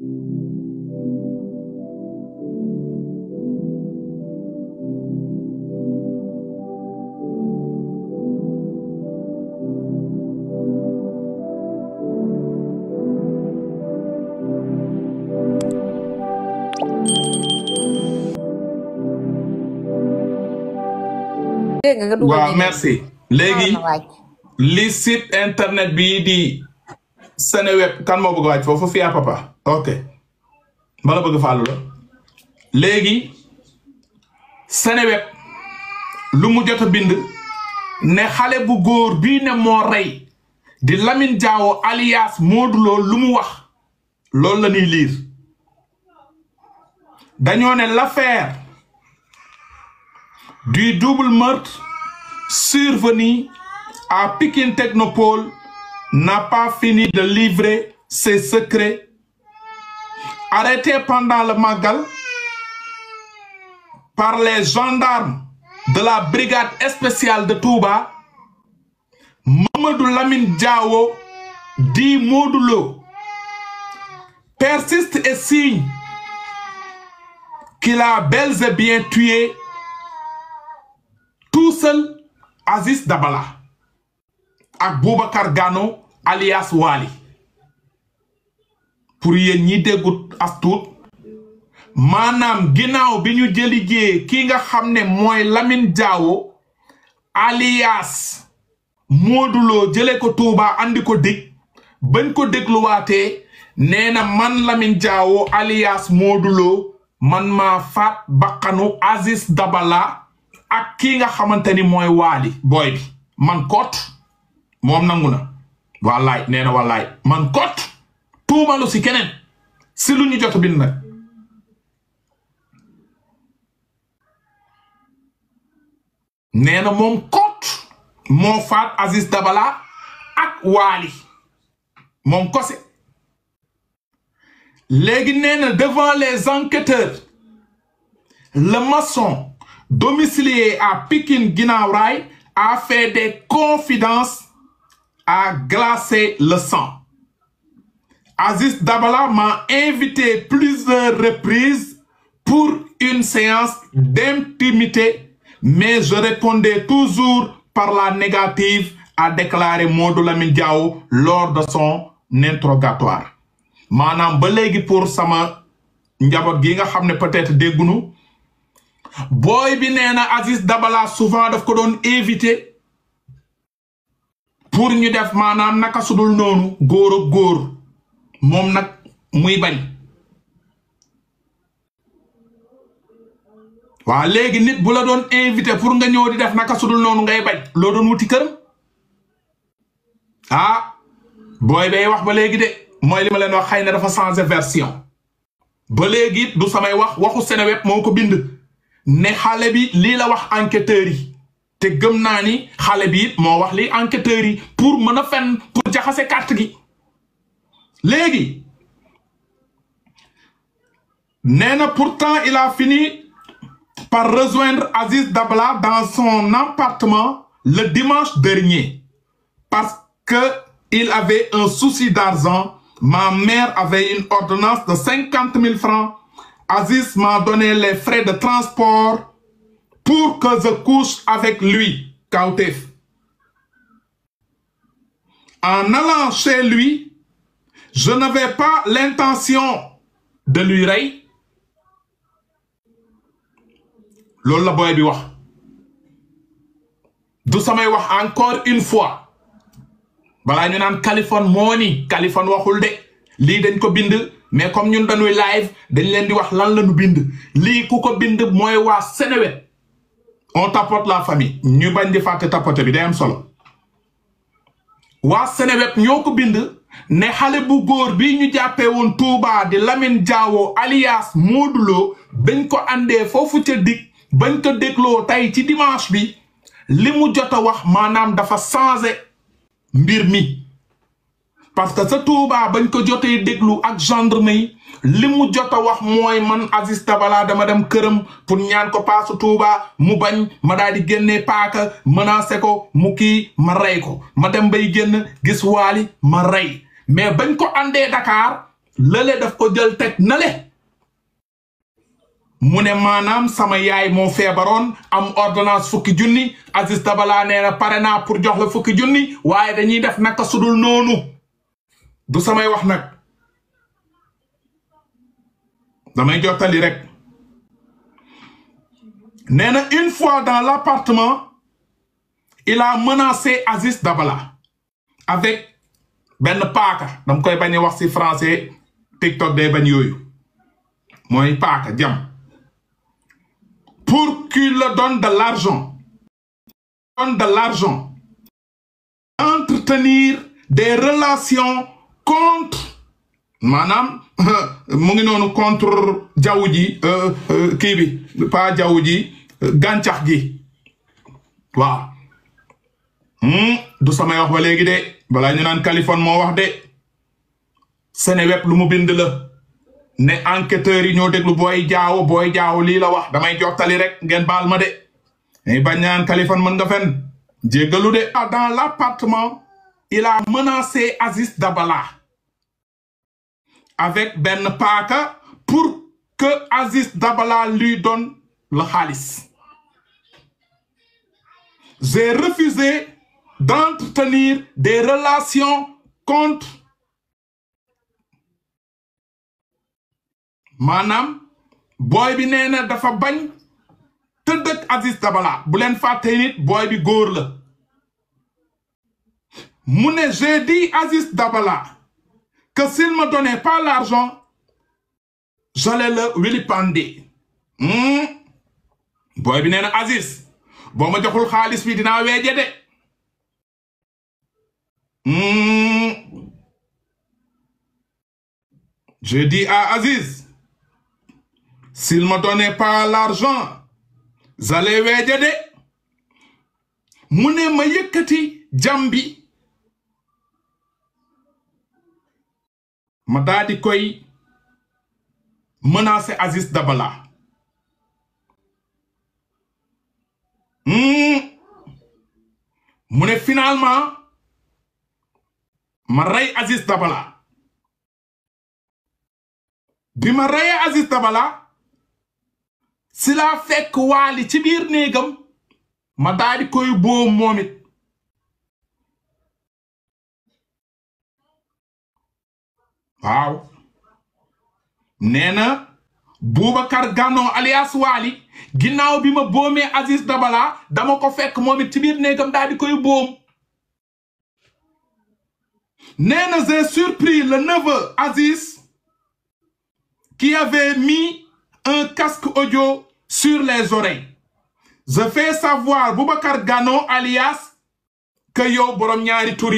waaw merci léegi li site internet bii di Seneweb kan moo bëgg a wàcc foofu fii papa ok bala bëgg fàllu léegi Seneweb lu mu jot a bind ne xale bu góor bi ne moo rey di Lamine Diawo alias Modou Lo lu mu wax loolu la ñuy liir dañoo ne l'affaire du double meurtre survenu à Pikine Technopole n'a pas fini de livrer ses secrets arrêté pendant le Magal par les gendarmes de la brigade spéciale de Touba Mamadou Lamine Diawo dit Modou Lo persiste et signe qu'il a bel et bien tué tout seul Aziz Dabala ak Boubacar Gano alias Wali pour yéen ñi déggut as tuut maanaam ginnaaw bi ñu jëlijee kii nga xam ne mooy lamin Diawo alias mooduloo jële ko Touba andi ko dig bañ ko dégluwaatee nee na man lamin Diawo alias mooduloo man maa faat bakkanu Aziz Dabala ak ki nga xamante ni mooy waali booy bi man kot moom nangu na wallaay nee wallaay man kot tuumalu ci keneen si lu ñu jot bind nag nee na moom kot moo faat Aziz Dabala ak Waali moom kose léegi nee na devant les enquêteurs le maçon domicilié à Pikine Guinaw Rail a fait des confidences à glacer le sang Aziz Dabala m'a invité plusieurs reprises pour une séance d'intimité, mais je répondais toujours par la négative, à déclaré Modou mi Diaw lors de son interrogatoire. maanaam ba léegi pour sama njaboot gii nga xam ne peut-être déggunu booy bi nee na Aziz Dabala souvent daf ko doon invité pour ñu def maanaam naka sudul noonu góor góor moom nag muy bañ waaw léegi nit bu la doon invité pour nga ñëw di def naka sudul noonu ngay bañ loo doon wuti kër ah booy bay wax ba léegi de mooy li ma leen wax xay na dafa changé version ba léegi du samay wax waxu Seneweb moo ko bind ne xale bi lii la wax enquêteurs yi te gëm naa ni xale bi it moo wax li enquêteurs yi pour mën a fenn pour jaxase carte gi léegi nee na pourtant il a fini par rejoindre Aziz Dabala dans son appartement le dimanche dernier parce que il avait un souci d'argent ma mère avait une ordonnance de cinquante mille francs Aziz m'a donné les frais de transport pour que je couche avec lui kawteef en allant chez lui je n'avais pas l'intention de lui rey loolu la booy bi wax du samay wax encore une fois balaa ñu naan Kaliphone moo ni Kaliphone waxul de lii dañ ko bind mais comme ñun dañuy live dañ leen di wax lan la ñu bind lii ku ko bind mooy waa Seneweb on tapote la famille ñu bañ di fàtte tapote bi day am solo waa Seneweb ñoo ko bind ne xale bu góor bi ñu jàppee woon Touba di Lamine Diawo alias Modou Lo bañ ko àndee foofu ca digg bañ ko dégloo tey ci dimanche bi li mu jot a wax maanaam dafa changé mbir mi parce que sa Touba bañ ko jotee déglu ak gendarme yi li mu jot a wax mooy man Aziz Dabala dama dem këram pour ñaan ko paasu Touba mu bañ ma daal di génnee paaka menacé ko mu kii ma rey ko ma dem bay génn gis waali ma rey mais bañ ko andee Dakar lële daf ko jël teg na le mu ne maanaam sama yaay moo feebaroon am ordonnance fukki junni Aziz Dabala nee na pour jox la fukki junni waaye dañuy def naka sudul noonu du samay wax nag damay jottali rek nee na une fois dans l'appartement il a menacé Aziz Dabala avec benn paaka dam koy bañ wax ci français TikTok day bañ yooyu mooy paaka jam pour qu'il le donne de l'argent donne de l'argent entretenir des relations contre maanaam mu ngi noonu contre jaww ji euh, euh, kii bi pas jaww ji gàncax gi waaw hmm, du samay wax ba léegi de balaa ñu naan Kaliphone moo wax de Seneweb lu mu bind la ne enquêteurs yi ñoo déglu booy jaaw booy jaaw lii la wax damay jottali rek ngeen baal ma de mais bañ naan Kaliphone mën nga fen jéggalu de ah dans l'appartement il a menacé Aziz Dabala avec benn paaka pour que Aziz Dabala lu donne le xaalis j'ai refusé d'entretenir des relations contre maanaam booy bi nee na dafa bañ tëdd ak Aziz Dabala bu leen fàttee nit booy bi góor la mu ne j'ai di Aziz Dabala que s'il ne me donnait pas l'argent, j'allais le vilipender. Hmm? booy boo ma joxul xaalis bi dinaa weeje de hmm? je dis à Aziz s'il me donnait pas l'argent j'allais weeje de mu ne ma yëkkati jam bi ma daa di koy menacer Aziz Dabala hmm. mu ne finalement ma rey Aziz Dabala bi ma reyee Aziz Dabala si laa fekk waali ci biir néegam ma daa koy bóom moom waaw nee na Boubacar Gano alias Waly ginnaaw bi ma boome Aziz Dabala dama ko fekk moom it ci biir néegam daal di koy na j'ai surpris le neveu Aziz qui avait mis un casque audio sur les oreilles je fais savoir Boubacar Gano alias que yow borom ñaari tur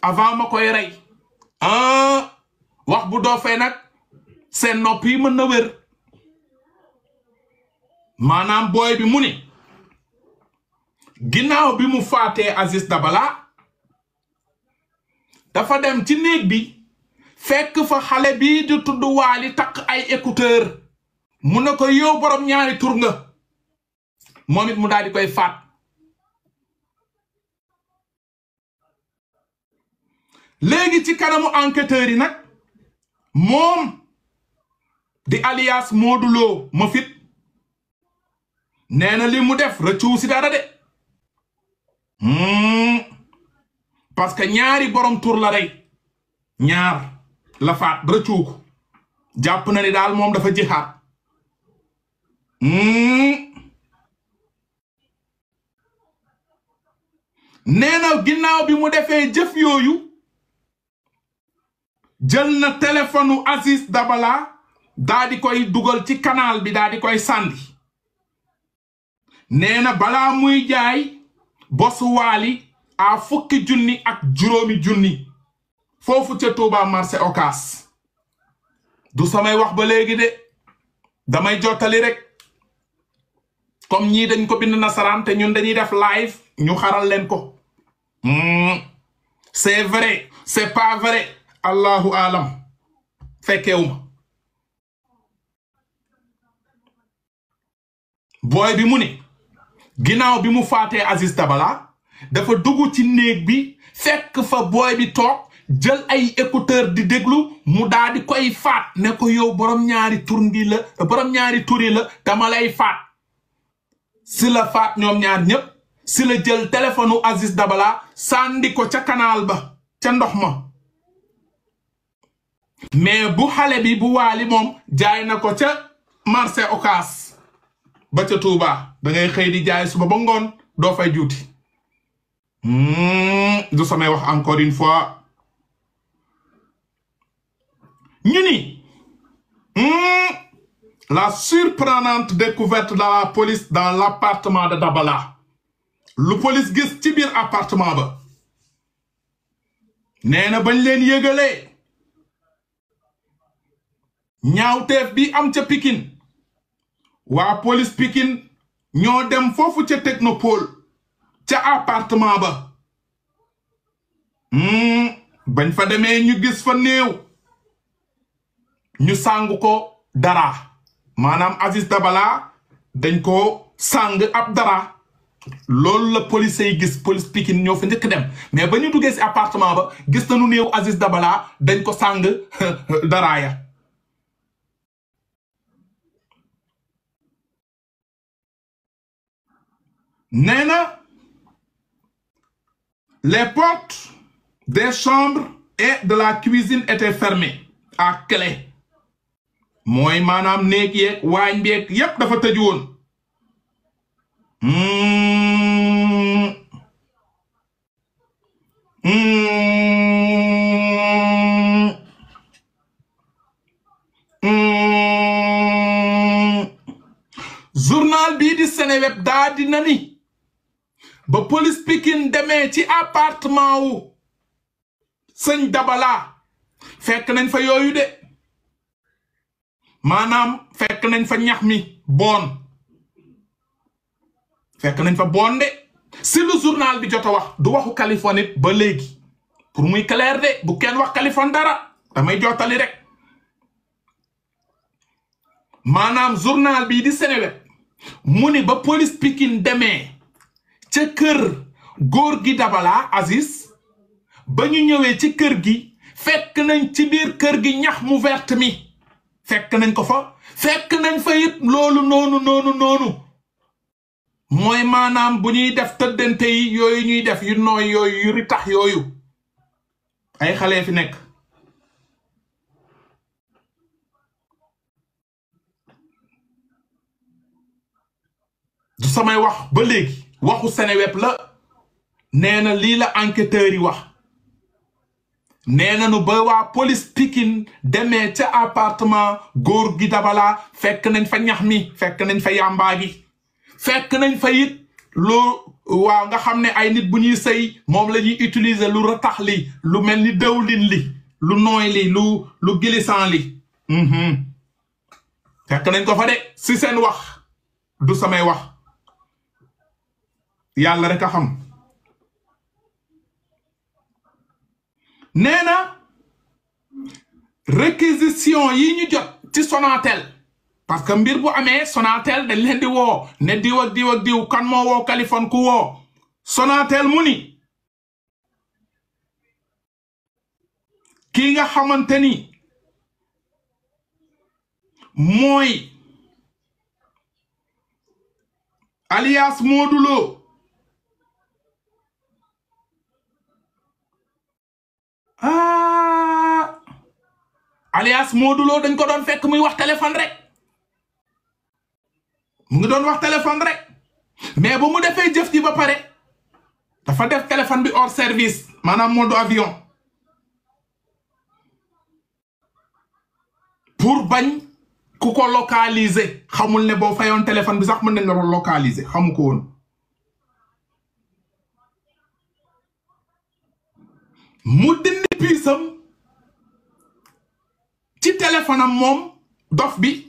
avant ma rey ah wax bu doofee nag seen nopp yi mën na wér maanaam booy bi mu ni ginnaaw bi mu faatee Aziz Dabala dafa dem ci néeg bi fekk fa xale bi di tudd waali takk ay écouteur mu ne ko yow borom ñaari tur moom it mu daal di koy faat léegi ci kanamu enquêteurs yi nag moom di alias Modou ma fit nee na li mu def rëccu si dara de mm. parce que ñaari borom tur la rey ñaar la faat jàpp na ni daal moom dafa jihaat mm. nee na ginnaaw bi mu defee jëf yooyu jël na téléphonu Aziz Dabala daa di koy dugal ci canal bi daa di koy sànni nee na balaa muy jaay bosu waali fukki junni ak juróomi junni foofu ca Touba marché okaas du samay wax ba léegi de damay jottali rek comme ñii dañ ko bind nasaraan te ñun dañuy def live ñu xaral leen ko hmm, c'est vrai c'est pas vrai allahu alam fekkeewuma booy bi mu ne ginnaaw bi mu faatee Aziz Dabala dafa dugg ci néeg bi fekk fa booy bi toog jël ay écouteur di déglu mu daa di koy faat ne ko yow borom ñaari turi la dama lay faat si la faat ñoom ñaar ñépp si la jël telefonu u Dabala sàndi ko ca kanaal ba ca ndox ma mais bu xale bi bu waali moom jaay na ko ca marché Ocass ba ca Touba da ngay xëy di jaay suba ba ngoon doo fay juuti hmm, du samay wax encore une fois ñu ni hmm, la surprenante découverte de la police dans l'appartement de Dabala lu police gis ci biir appartement ba nee bañ leen yëgalee ñaaw ñaawteef bi am ca Pikine waa police Pikine ñoo dem foofu ca technopole ca appartement ba hmm, bañ fa demee ñu gis fa néew ñu sàng ko dara maanaam Aziz Dabala dañ ko sang ab dara loolu la police yi gis police Pikine ñoo fa njëkk dem mais ba ñu duggee si appartement ba gis nañu néew Aziz Dabala dañ ko sàng dara nee na les portes des chambres et de la cuisine étaient fermées à clé mooy maanaam néeg yeeg waañ beeg yépp dafa tëju woon mm. mm. mm. journal bii di Seneweb daa dina ba police Pikine demee ci appartement wu sëñ dabalaa fekk nañ fa yooyu de maanaam fekk nañ fa ñax mi boon fekk nañ fa boon de si lu journal bi jot a wax du waxu Californie it ba léegi pour muy clair de bu kenn wax Californie dara damay jottali rek maanaam journal bii di Seneweb mu ni ba police Pikine demee ca kër góor gi Dabala Aziz ba ñu ñëwee ci kër gi fekk nañ ci biir kër gi ñax mu verte mi fekk nañ ko fa fekk nañ fa it loolu noonu noonu mooy maanaam bu ñuy def tëddante yi yooyu ñuy def yu nooy yooyu yu ritax yooyu ay xale fi nekk du samay wax ba léegi waxu Seneweb la nee na lii la enquêteurs yi wax nee nañu ba waa police Pikine demee ca appartement góor gi Dabala fekk nañ fa ñax mi fekk nañ fa yàmbaa gi fekk nañ fa it loo waaw nga xam ne ay nit bu ñuy sëy moom lañuy ñuy lu ratax li lu mel ni dëwlin li lu nooy li lu lu glissant li mhm. fekk nañ ko fa de si seen wax du samay wax yàlla rek a xam nee yi ñu jot ci Sonatel parce que mbir bu amee Sonatel dañ leen di ne diw ak diw kan moo woo Kaliphone woo Sonatel mu ni kii nga xamante ni mooy alias Modou Lo ah alias Modou dañ ko doon fekk muy wax téléphone rek mu ngi doon wax téléphone rek mais bu mu defee jëf ji ba pare dafa def téléphone bi hors service maanaam mode avion pour bañ ku ko localiser xamul ne boo fayoon téléphone bi sax mën nañ la localiser xamu ko woon mu dindi piisam ci téléphone moom dof bi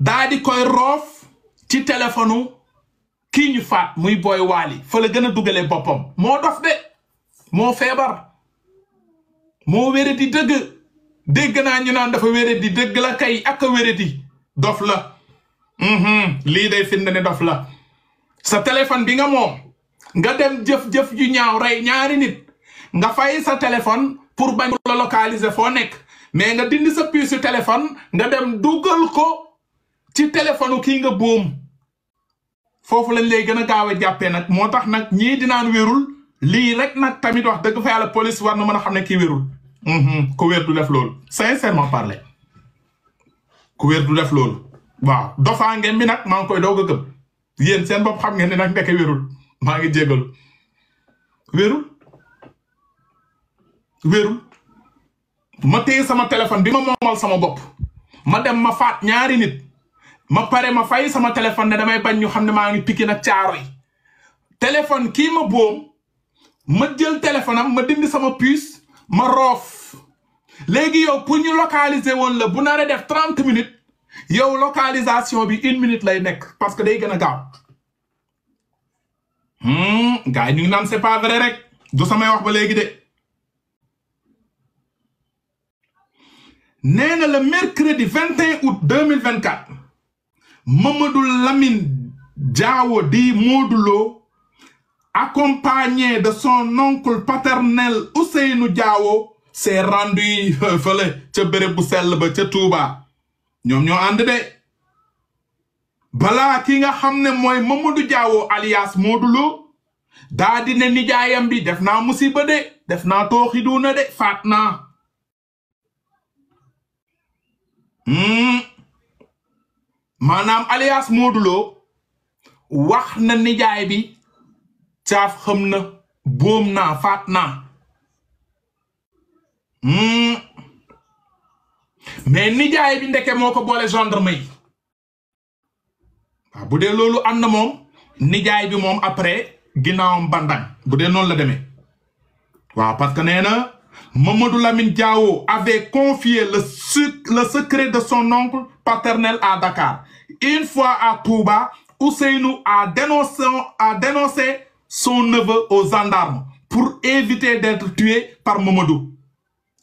daadi di koy roof ci téléphonu kii ñu faat muy booy waali fa gën a duggale boppam moo dof de moo feebar moo wére di dëgg naa ñu naan dafa wére dëgg la kay ak a wére dof la mhm, lii day firnde ne dof la sa téléphone bi nga moom nga dem jëf-jëf ju ñaaw rey ñaari nit nga fay sa téléphone pour bañ la localiser foo nekk mais nga dindi sa puce téléphone nga dem dugal ko ci téléphone kii nga boom foofu lañ lay gën a gaaw jàppee nag moo tax nag ñii dinaan wérul lii rek nag tamit wax dëgg fa yàlla police war na mën a xam ne kii wérul mhm, ku wér du def loolu sincèrement parler ku wér du def loolu waaw dofaa ngeen bi nag maa ngi koy doog a gëm yéen seen bopp xam ngeen ne nag ndeke wérul maa ngi jégalu wérul wérul ma téye sama téléphone bi ma moomal sama bopp ma dem ma faat ñaari nit ma pare ma fay sama téléphone ne damay bañ ñu xam ne maa ngi Pikine ak Caaroy téléphone kii ma boom ma jël téléphone am ma dindi sama puce ma roof léegi yow pour ñu localiser woon la bu naree def trente minutes yow localisation bi une minute lay nekk parce que day gën a gaaw hmm, gars yi ñu ngi naan c'est pas rek du samay wax ba léegi de. nee na le mercredi 21 août 2024 Mamadou Lamine Diawo di Modou Lo accompagné de son oncle paternel Ousseynou Diawo s'est rendu euh, fële ca béréb sel ba ca Touba ñoom ñoo ànd de balaa ki nga xam ne mooy Mamadou Diawo alias Modou Lo daa di ne nijaayam bi def naa musiba de def naa tooxi duuna de faat naa Hmm. maanaam alias Modou wax na nijaay bi caaf xam na boom naa faat na hmm. mais nijaay bi ndeke moo ko boole gendarme yi waaw bu dee loolu am moom nijaay bi moom après ginnaawam bandang bu dee noonu la demee waaw parce que Mamadou Lamine Diao avait confié le, secret de son oncle paternel à Dakar. Une fois à Touba, Ousseynou a dénoncé, a son neveu aux gendarmes pour éviter d'être tué par Mamadou.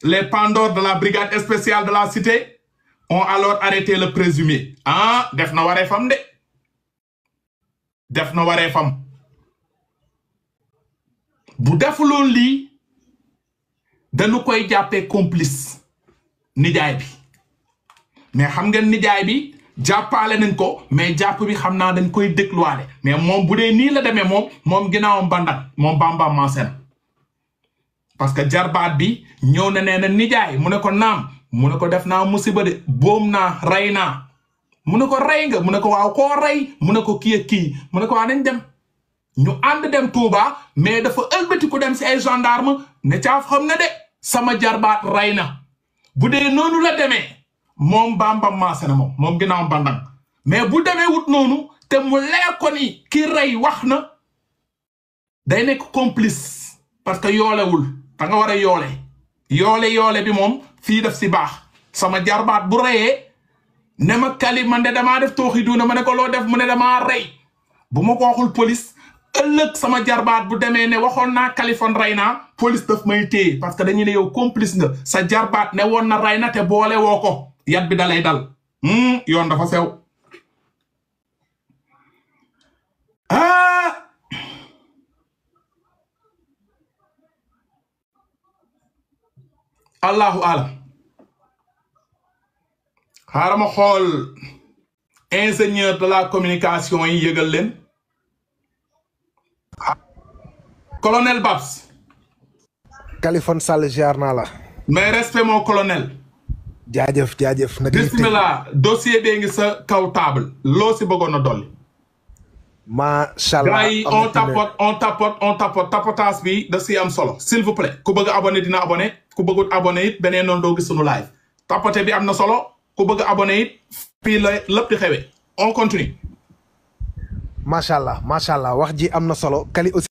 Les pandores de la brigade spéciale de la cité ont alors arrêté le présumé. ah def na waree fam de def na waree fam danu koy jàppee complice nijaay bi mais xam ngeen nijaay bi jàppale nañ ko mais jàpp bi xam naa dañ koy dégluwaale mais moom bu dee nii la demee moom moom ginnaawam moom bamba manseen parce que jarbaat bi ñëw na nee na nijaay mu ne ko naam mu ne ko def naa musiba de boom naa rey naa mu ne ko rey nga mu ne ko waaw ko rey mu ne ko kii ak kii mu ne ko waa nañ dem ñu ànd dem Touba mais dafa ëlbati ku dem si ay gendarme ne caaf xam na de sama jarbaat rey na bu dee noonu la demee moom Bamba maase na moo moom moom ginnaaw bandang mais bu demee wut noonu te mu leer ko ni ki rey wax na day nekk complice parce que yoolewul da nga war a yoole yoole yoole bi moom fii def si baax sama jarbaat bu reyee ne ma kali man de damaa def tooxi duuna ma ne ko loo def mu ne damaa rey bu ma ko police ëllëg sama jarbaat bu demee ne waxoon naa Kaliphone rayna naa police daf may téye parce que dañu ne yow complice nga sa jarbaat ne woon na rey na te boole woo ko yat bi dalay dal hmm, yoon dafa sew ah allahu alam xaaral ma xool ingénieur de la communication yi yëgal leen colonel Babs. Kalifon Sall na la. mais respect mon colonel. jaajëf jaajëf. na bismillah dossier bee ngi sa kaw table loo si bëggoon a dolli. macha allah on tapote on tapote on tapote tapotage bi da am solo. s'il vous plaît ku bëgg a dina abonné ku bëggut abonné it beneen noonu doo sunu live tapote bi am na solo ku bëgg a abonné it fii la lépp continue. macha allah macha allah wax ji am na solo Kali aussi.